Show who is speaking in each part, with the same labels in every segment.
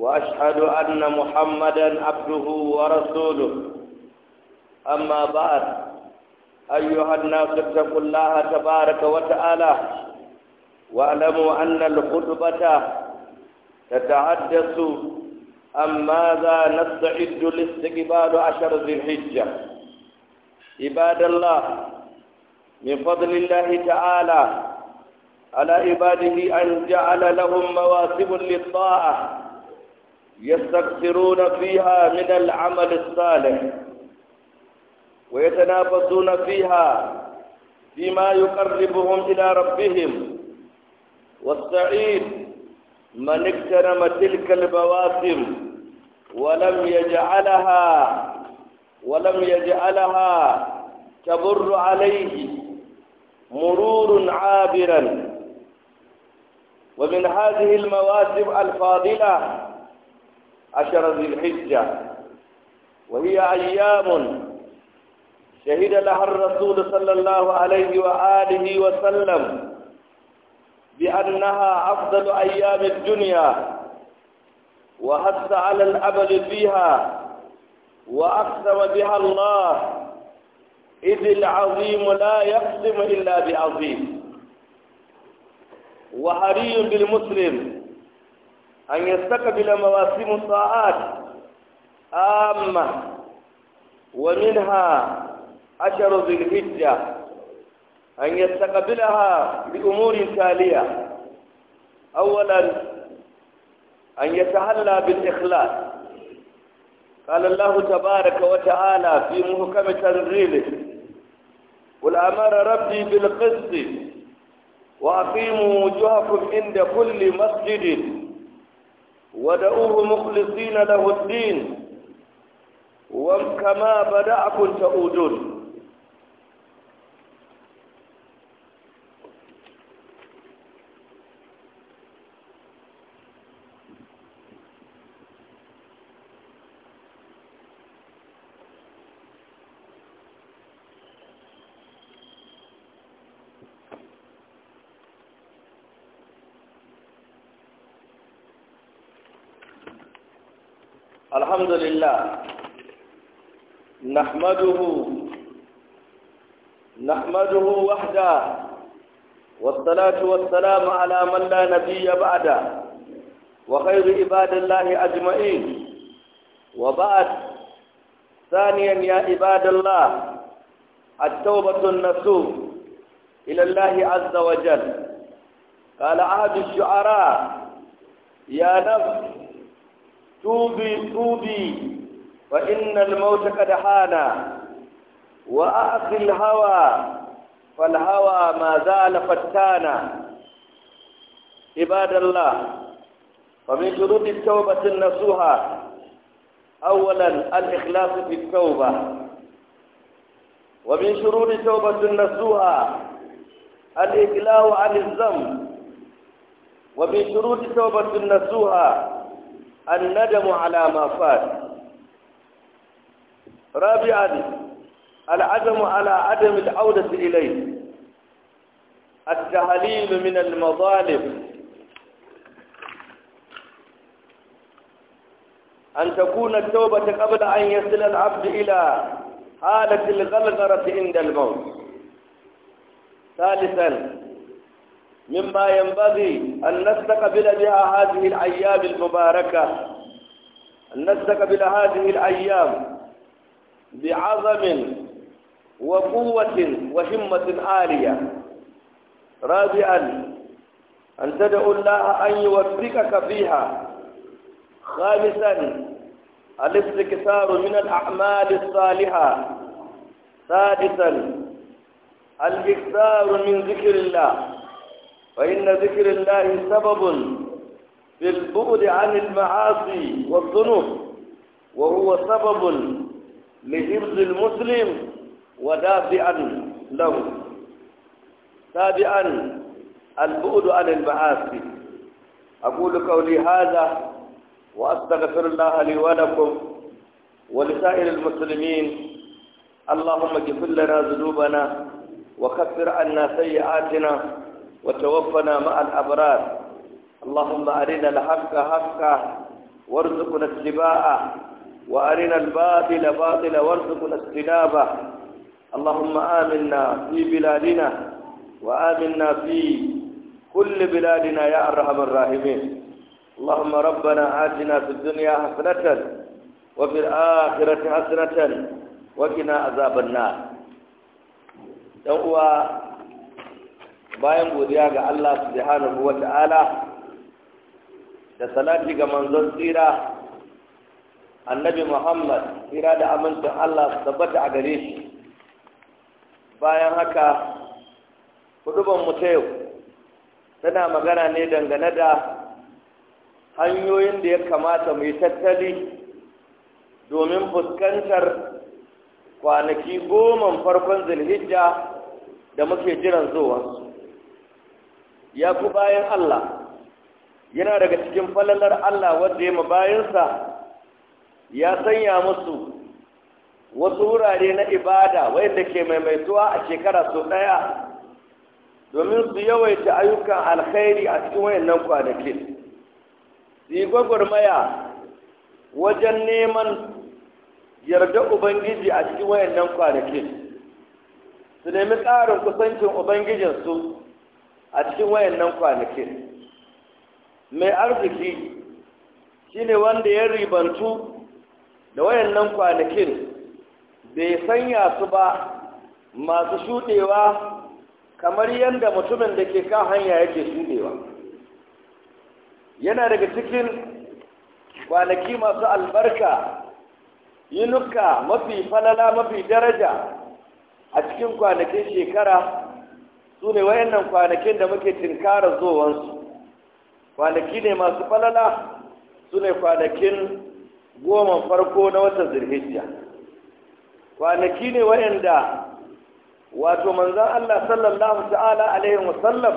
Speaker 1: وأشهد أن محمدا عبده ورسوله أما بعد أيها الناس اتقوا الله تبارك وتعالى واعلموا أن الخطبة تتحدث عن ماذا نستعد لاستقبال عشر ذي الحجة عباد الله من فضل الله تعالى على عباده أن جعل لهم مواسم للطاعة يستكثرون فيها من العمل الصالح ويتنافسون فيها فيما يقربهم إلى ربهم والسعيد من اغتنم تلك البواسم ولم يجعلها ولم يجعلها تبر عليه مرور عابرا ومن هذه المواسم الفاضله عشر ذي الحجة وهي أيام شهد لها الرسول صلى الله عليه وآله وسلم بأنها أفضل أيام الدنيا وحث على الأبد فيها وأقسم بها الله إذ العظيم لا يقسم إلا بعظيم وحري بالمسلم an yastaqbila mawasim ta'at amma wa minha asharu dhil hijja an yastaqbilaha bi umurin taliya awwalan أن يتحلى بالإخلاص قال الله تبارك وتعالى في محكم تنزيله قل أمر ربي بالقسط وأقيموا وجوهكم عند كل مسجد ودعوه مخلصين له الدين وكما بدأكم تعودون الحمد لله نحمده نحمده وحده والصلاة والسلام على من لا نبي بعده وخير عباد الله أجمعين وبعد ثانيا يا عباد الله التوبة النسوب إلى الله عز وجل قال عهد الشعراء يا نفس توبي توبي فإن الموت قد حان وأعصي الهوى فالهوى ما زال فتانا عباد الله فمن شروط التوبة النصوحة أولا الإخلاص في التوبة ومن شرور توبة النصوحة الإقلاع عن الذنب ومن شروط توبة النصوحة الندم على ما فات رابعا العزم على عدم العودة إليه التهليل من المظالم أن تكون التوبة قبل أن يصل العبد إلى حالة الغلغرة عند الموت ثالثا مما ينبغي أن نستقبل بها هذه الأيام المباركة أن نستقبل هذه الأيام بعظم وقوة وهمة عالية رابعا أن تدعو الله أن يوفقك فيها خامسا الاستكثار من الأعمال الصالحة سادسا الاكثار من ذكر الله فإن ذكر الله سبب في البعد عن المعاصي والذنوب وهو سبب لحفظ المسلم ودافعا له تابعا البعد عن المعاصي أقول قولي هذا وأستغفر الله لي ولكم ولسائر المسلمين اللهم اغفر لنا ذنوبنا وكفر عنا سيئاتنا وتوفنا مع الأبرار اللهم أرنا الحق حقا وارزقنا اتباعه وأرنا الباطل باطلا وارزقنا اجتنابه اللهم آمنا في بلادنا وآمنا في كل بلادنا يا أرحم الراحمين اللهم ربنا آتنا في الدنيا حسنة وفي الآخرة حسنة وقنا عذاب النار bayan godiya ga Allah subhanahu wa ta'ala da salati ga manzon tsira annabi Muhammad tsira da amincin Allah su tabbata a gare shi bayan haka huduban mu ta yau tana magana ne dangane da hanyoyin da ya kamata mu yi tattali domin fuskantar kwanaki goma farkon zulhijja da muke jiran zuwansu ya fi bayan Allah yana daga cikin falalar Allah wanda ya bayansa ya sanya musu wasu wurare na ibada wadda ke maimaituwa a shekara su ɗaya domin su yawaita ayyukan alkhairi a cikin wayannan kwanakin su yi gwagwarmaya wajen neman yarda ubangiji a cikin wayannan kwanakin su nemi tsarin kusancin ubangijinsu a cikin wayannan kwanakin mai arziki ne wanda ya ribantu da wayannan kwanakin bai sanya su ba masu shuɗewa kamar yadda mutumin da ke kan hanya yake shuɗewa yana daga cikin kwanaki masu albarka yinuka mafi falala mafi daraja a cikin kwanakin shekara su ne wayannan kwanakin da muke tinkara zuwansu kwanaki ne masu falala su ne kwanakin goma farko na watan zirhijiya kwanaki ne wayanda wato manzon Allah sallallahu ta'ala alaihi wasallam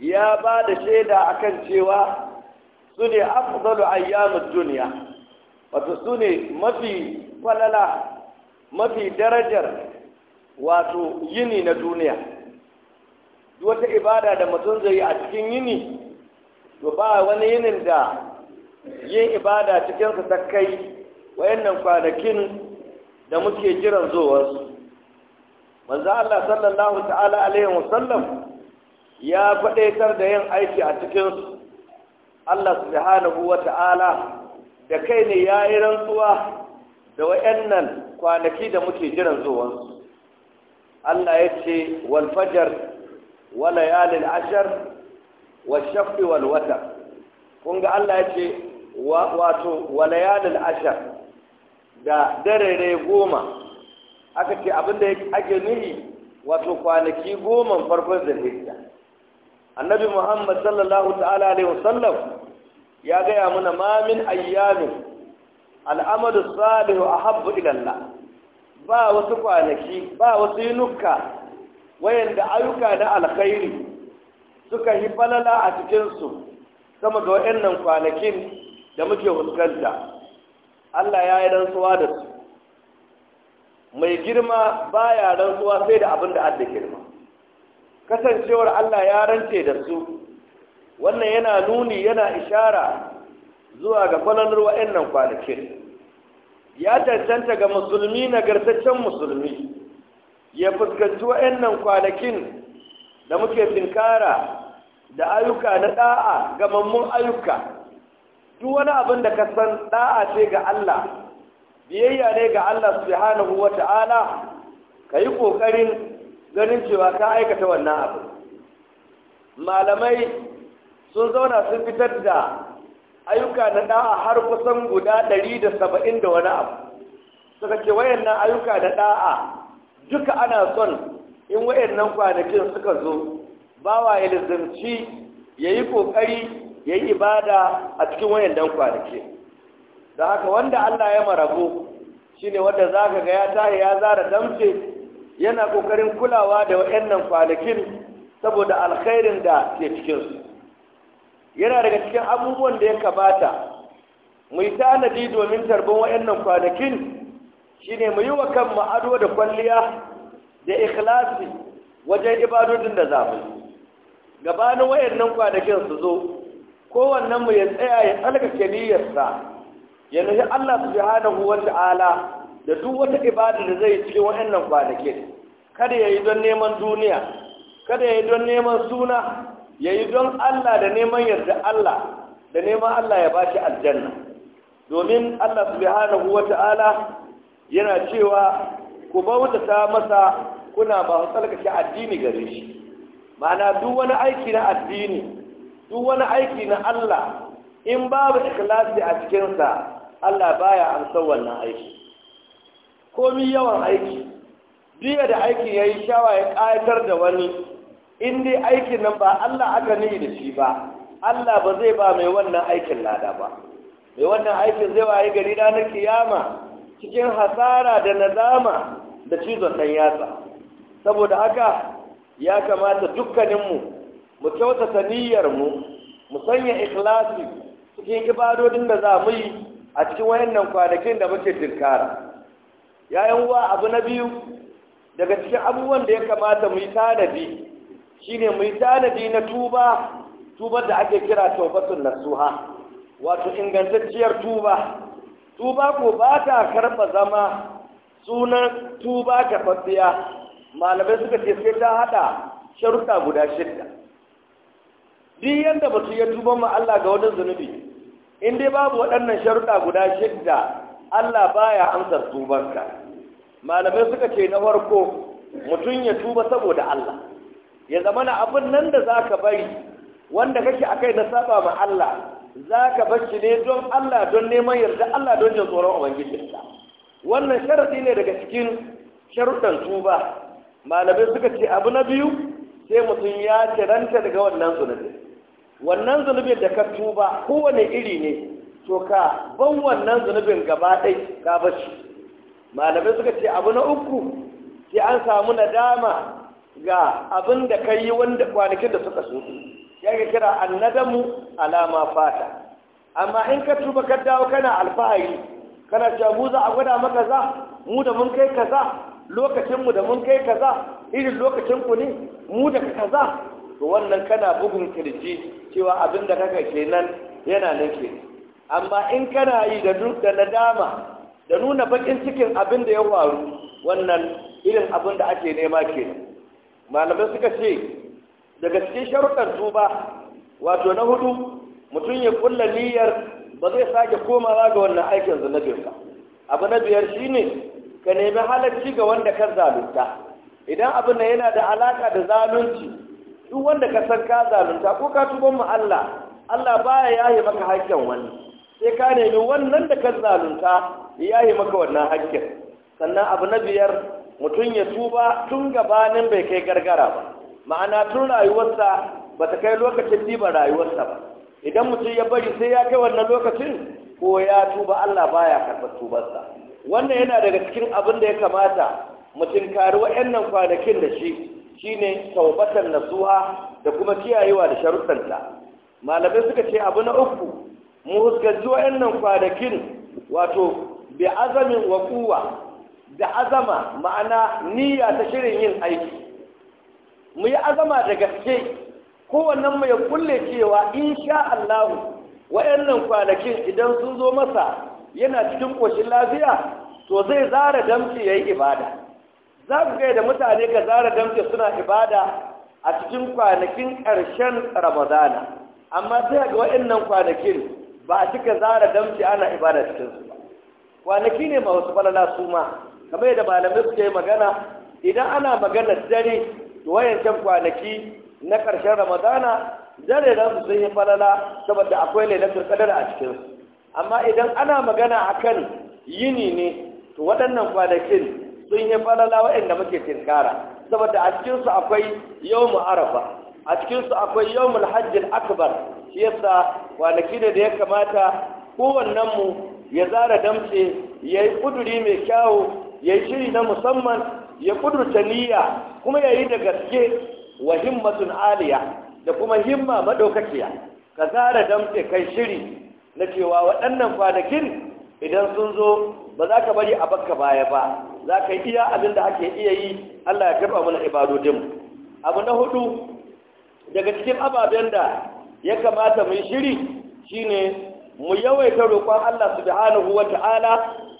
Speaker 1: ya ba da shaida akan cewa su ne afdalu ayyamud duniya wato su ne mafi falala mafi darajar wato yini na duniya duk wata ibada da mutum zai yi a cikin yini to ba wani yinin da yin ibada cikinsa ta kai wayannan kwanakin da muke jiran zuwarsu manzo Allah sallallahu ta'ala alaihi sallam ya faɗaitar da yin aiki a cikin Allah subhanahu wa ta'ala da kai ne ya yi rantsuwa da wayannan kwanaki da muke jiran zuwansu Allah ya ce walfajar wa layalin ashar wa shafi wal wata kun ga Allah ya ce wato wa layalin ashar da darere goma aka ce abinda ake nuhi wato kwanaki goma farkon zulhijja annabi muhammad sallallahu ta'ala alaihi wasallam ya gaya mana ma min ayyamin Al'amadu salihu ahabbu ila Allah ba wasu kwanaki ba wasu nuka. wayanda ayyuka na alkhairi suka yi falala a cikinsu sama ga wayannan kwanakin da muke fuskanta Allah ya yi rantsuwa da su mai girma baya rantsuwa sai da abin da adda girma kasancewar Allah ya rance da su wannan yana nuni yana ishara zuwa ga falalar wa'annan kwanakin ya cancanta ga musulmi nagartaccen musulmi ya fuskanci wa'annan kwanakin da muke tinkara da ayyuka na da'a ga mammun ayyuka duk wani abin da ka san da'a ce ga Allah biyayya ne ga Allah subhanahu wata'ala ka yi ƙoƙarin ganin cewa ka aikata wannan abu malamai sun zauna sun fitar da ayyuka na da'a har kusan guda ɗari da saba'in da wani abu suka ce wayannan ayyuka na ɗa'a. duka ana son in wayannan kwanakin suka zo bawa ya ya yi ƙoƙari ya yi ibada a cikin wayannan kwanakin, da haka wanda Allah ya marabu shine wanda za ka ga ya tahi ya zara damce yana ƙoƙarin kulawa da wayannan kwanakin saboda alkhairin da ke cikinsu yana daga cikin abubuwan da ya kamata mu yi tanadi domin tarban wayannan kwanakin Shi ne mu yi wa kan maado da kwalliya da ikhlasi wajen ibadodin da za mu yi gabanin nan kwanakin su zo kowannen mu ya tsaya ya tsalkake niyyarsa ya nufi Allah subhanahu Ta'ala da duk wata ibada da zai cikin nan kwanakin kada ya yi don neman duniya kada ya yi don neman suna ya yi don Allah da neman yarda Allah da neman Allah ya ba shi aljanna domin Allah subhanahu ta'ala yana cewa ku bautata masa kuna ba tsarkake addini gare shi ma'ana duk wani aiki na addini duk wani aiki na Allah in babu ikilasi a cikinsa Allah baya san wannan aiki komi yawan aiki biya da aiki ya yi shawa ya ƙayatar da wani in dai aikin nan ba Allah aka nihi da shi ba Allah ba zai ba mai wannan aikin lada ba mai wannan aikin zai waye gari ranar kiyama cikin hasara da nadama da cizon ɗan yatsa saboda haka ya kamata dukkaninmu mu kyautata niyyarmu mu sanya ikhlasi cikin ibadodin da za mu yi a cikin wayannan kwanakin da muke tinkara yayin wa abu na biyu daga cikin abubuwan da ya kamata mu yi tanadi shine mu yi tanadi na tuba tubar da ake kira taubatun nasuha wato ingantacciyar tuba tuba ko ba ta karba zama sunan tuba karɓaɓɓiya malamai suka ce sai ta haɗa sharuta guda shidda duk yadda ba su tuba ma Allah ga wani zunubi in dai babu waɗannan sharuta guda shidda Allah baya amsa tubanka malamai suka ce na farko mutum ya tuba saboda Allah ya zama na abin nan da za ka bari wanda kake akai na saba ma Allah za ka bacci ne don Allah don neman yarda Allah don jin tsoron ubangiji wannan sharadi ne daga cikin sharuɗan tuba malamai suka ce abu na biyu sai mutum ya ciranta daga wannan zunubin. wannan zunubin da ka tuba kowane iri ne to ka ban wannan zunubin gaba ɗai ka bacci malamai suka ce abu na uku sai an samu nadama ga abin da ka yi wanda kwanakin da suka shuɗe yake kira annadamu alama fata amma in ka tuba ka dawo kana alfahari kana cewa mu za a gwada maka za mu da mun kai kaza lokacin mu da mun kai kaza irin lokacin ku ne mu da kaza to wannan kana bugun kirji cewa abin da kaka kenan yana nake amma in kana yi da da nadama da nuna bakin cikin abin da ya faru wannan irin abin da ake nema kenan malamai suka ce daga cikin sharuɗar tuba wato na hudu mutum ya kulla niyyar ba zai sake komawa ga wannan aikin zunubinsa abu na biyar shi ne ka nemi halarci ga wanda ka zalunta idan abu na yana da alaka da zalunci duk wanda ka san ka zalunta ko ka tuban mu Allah Allah baya yayi maka hakkin wani sai ka nemi wannan da ka zalunta yayi maka wannan hakkin sannan abu na biyar mutum ya tuba tun gabanin bai kai gargara ba ma'ana tun rayuwarsa ba ta kai lokacin diban rayuwarsa ba idan mutum ya bari sai ya kai wannan lokacin ko ya tuba Allah baya karɓar tubarsa wannan yana daga cikin abin da ya kamata mutum kari 'yannan kwanakin da shi shine taubatar nasuha da kuma kiyayewa da sharuɗanta malamai suka ce abu na uku mu huskanci 'yannan kwanakin wato bi azamin wa kuwa da azama ma'ana niyya ta shirin yin aiki mu yi azama da gaske kowannen mu ya kulle cewa insha Allah wayannan kwanakin idan sun zo masa yana cikin koshin lafiya to zai zara damce yayi ibada za ku ga da mutane ka zara damce suna ibada a cikin kwanakin ƙarshen Ramadana amma sai ga wayannan kwanakin ba a cika zara damce ana ibada cikin su kwanaki ne ma wasu falala su ma kamar yadda malamai suke magana idan ana magana dare wayancan kwanaki na ƙarshen ramadana zare da su sun yi falala saboda akwai lailatul qadar a cikin amma idan ana magana akan yini ne to waɗannan kwanakin sun yi falala waɗanda muke tinkara saboda a cikin su akwai yawmul arafa a cikin su akwai yawmul hajjil akbar shi yasa kwanaki ne da ya kamata kowannen mu ya zara damce yayi kuduri mai kyawu yayi shiri na musamman ya kudurta niyya kuma ya yi da gaske wa himmatun aliya da kuma himma madaukakiya ka tsara damtse kai shiri na cewa waɗannan kwanakin idan sun zo ba za ka bari a bakka baya ba za ka yi iya abin da ake iya yi Allah ya karɓa mana ibadodin abu na hudu daga cikin ababen da ya kamata mu shiri shine mu yawaita roƙon Allah subhanahu wata'ala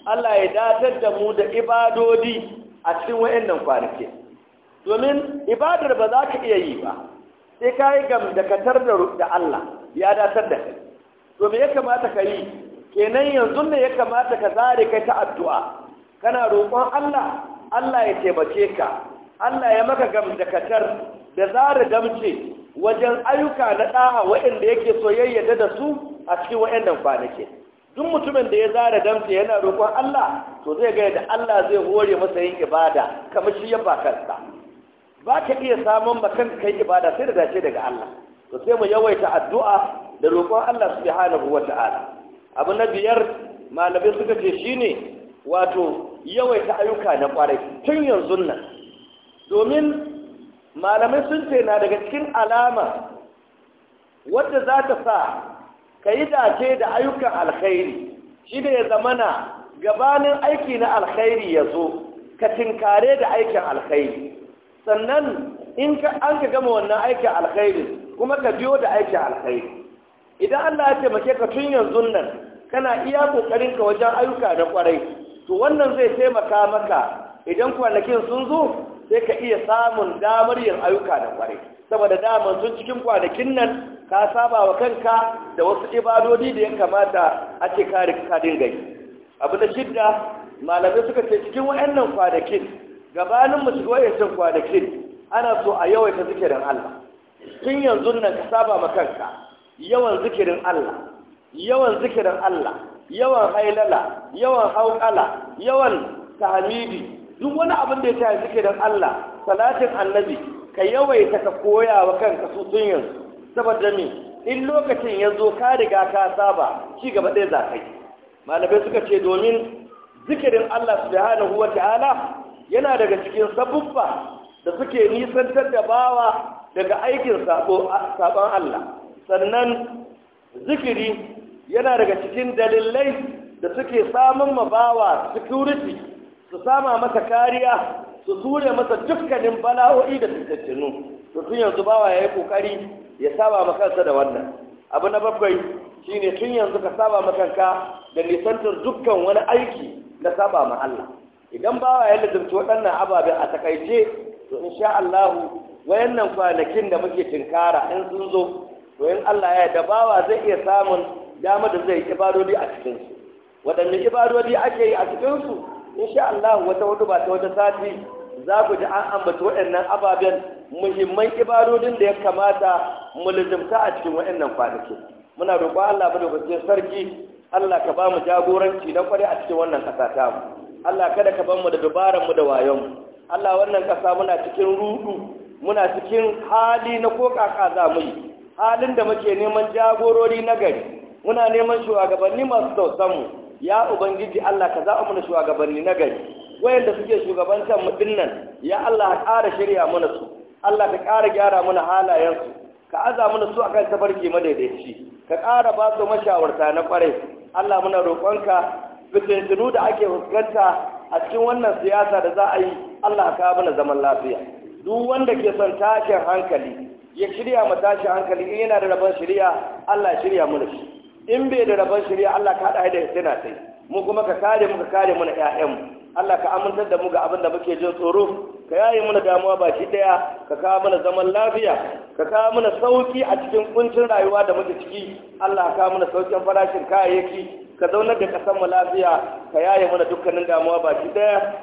Speaker 1: Allah ya datar da mu da ibadodi a cikin wa'annan kwanaki domin ibadar ba za ka iya yi ba sai ka yi gamdakatar da Allah ya datar da kai to ya kamata ka yi kenan yanzu ne ya kamata ka zare kai ta addu'a kana roƙon Allah Allah ya taimake ka Allah ya maka gamdakatar da zare damce wajen ayyuka na ɗaha waɗanda yake soyayya da su a cikin waɗannan kwanaki duk mutumin da ya zara damsa yana roƙon Allah to zai ga yadda Allah zai hore masa yin ibada kamar shi ya ba kansa ba ka iya samun ba kan kai ibada sai da dace daga Allah to sai mu yawaita addu'a da roƙon Allah subhanahu wata'ala abu na biyar malamai suka ce shine wato yawaita ayyuka na kwarai tun yanzu nan domin malamai sun ce na daga cikin alama wadda za ta sa ka yi dace da ayyukan alkhairi shi da ya zamana gabanin aiki na alkhairi ya zo ka tinkare da aikin alkhairi sannan in ka an ka gama wannan aikin alkhairi kuma ka biyo da aikin alkhairi idan Allah ya taimake ka tun yanzu nan kana iya kokarin ka wajen ayyuka da kwarai to wannan zai taimaka maka idan kwanakin sun zo sai ka iya samun damar yin ayyuka da kwarai saboda damar sun cikin kwanakin nan ka saba wa kanka da wasu ibadodi da ya kamata a ce ka ka dinga yi abu da shidda malamai suka ce cikin wayannan kwanakin gabanin mu shiga wayannan kwanakin ana so a yawaita zikirin Allah tun yanzu nan ka saba ma kanka yawan zikirin Allah yawan zikirin Allah yawan hailala yawan hauƙala yawan tahmidi duk wani abin da ya ta zikirin Allah salatin annabi ka yawaita ka koya wa kanka su tun yanzu saboda mi in lokacin ya zo ka riga ka saba ci gaba ɗaya za ka yi malamai suka ce domin zikirin Allah subhanahu wa ta'ala yana daga cikin sabubba da suke nisantar da bawa daga aikin sabon Allah sannan zikiri yana daga cikin dalilai da suke samun mabawa security su sama masa kariya su ture masa dukkanin bala'o'i da fitattunu to tun yanzu bawa ya yi kokari ya saba ma kansa da wannan abu na bakwai shine tun yanzu ka saba ma kanka da nisantar dukkan wani aiki na saba ma Allah idan ba wa ya lazumci waɗannan ababen a takaice to insha Allah wayannan kwanakin da muke tinkara in sun zo to in Allah ya da bawa zai iya samun dama da zai ibadodi a cikin su waɗanne ibadodi ake yi a cikin su insha Allah wata wata ba ta wata sati za ku ji an ambata waɗannan ababen muhimman ibadodin da ya kamata mu lizimta a cikin waɗannan kwanaki muna roƙon Allah mu da sarki Allah ka ba mu jagoranci na kware a cikin wannan ƙasa ta mu Allah kada ka bar mu da dubaran mu da wayon Allah wannan ƙasa muna cikin rudu muna cikin hali na ko za mu yi halin da muke neman jagorori na gari muna neman shugabanni masu tausan mu ya ubangiji Allah ka za mu da shugabanni na gari da suke shugabantar mu nan, ya Allah ka ƙara shirya mana su Allah ka ƙara gyara mana halayen su ka aza mana su akan tafarki madaidaici ka ƙara ba su mashawarta na ƙwarai Allah muna roƙonka fitintunu da ake fuskanta a cikin wannan siyasa da za a yi Allah ka mana zaman lafiya duk wanda ke son tashin hankali ya shirya ma tashin hankali in yana da rabon shirya Allah shirya mana shi in bai da rabon shirya Allah ka haɗa da hisina sai mu kuma ka kare mu ka kare mana ƴaƴanmu Allah ka amintar da mu ga abin da muke jin tsoro ka yaye mana damuwa ba shi daya ka kawo mana zaman lafiya ka kawo mana sauki a cikin kuncin rayuwa da muke ciki Allah ka kawo mana saukin farashin kayayyaki ka zaunar da kasan mu lafiya ka yaye mana dukkanin damuwa ba shi daya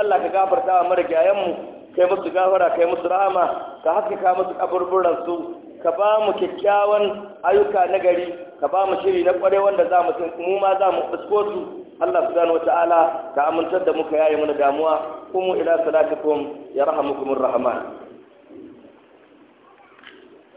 Speaker 1: Allah ka gafarta wa marigayen mu kai musu gafara kai musu rahama ka haskaka musu kaburburan su ka ba mu kyakkyawan ayyuka na gari ka ba mu shiri na kware wanda za mu mu ma za mu fusko su Allah subhanahu wataala ka amintar da muka yayi mana damuwa kuma ila salatikum yarhamukumur rahman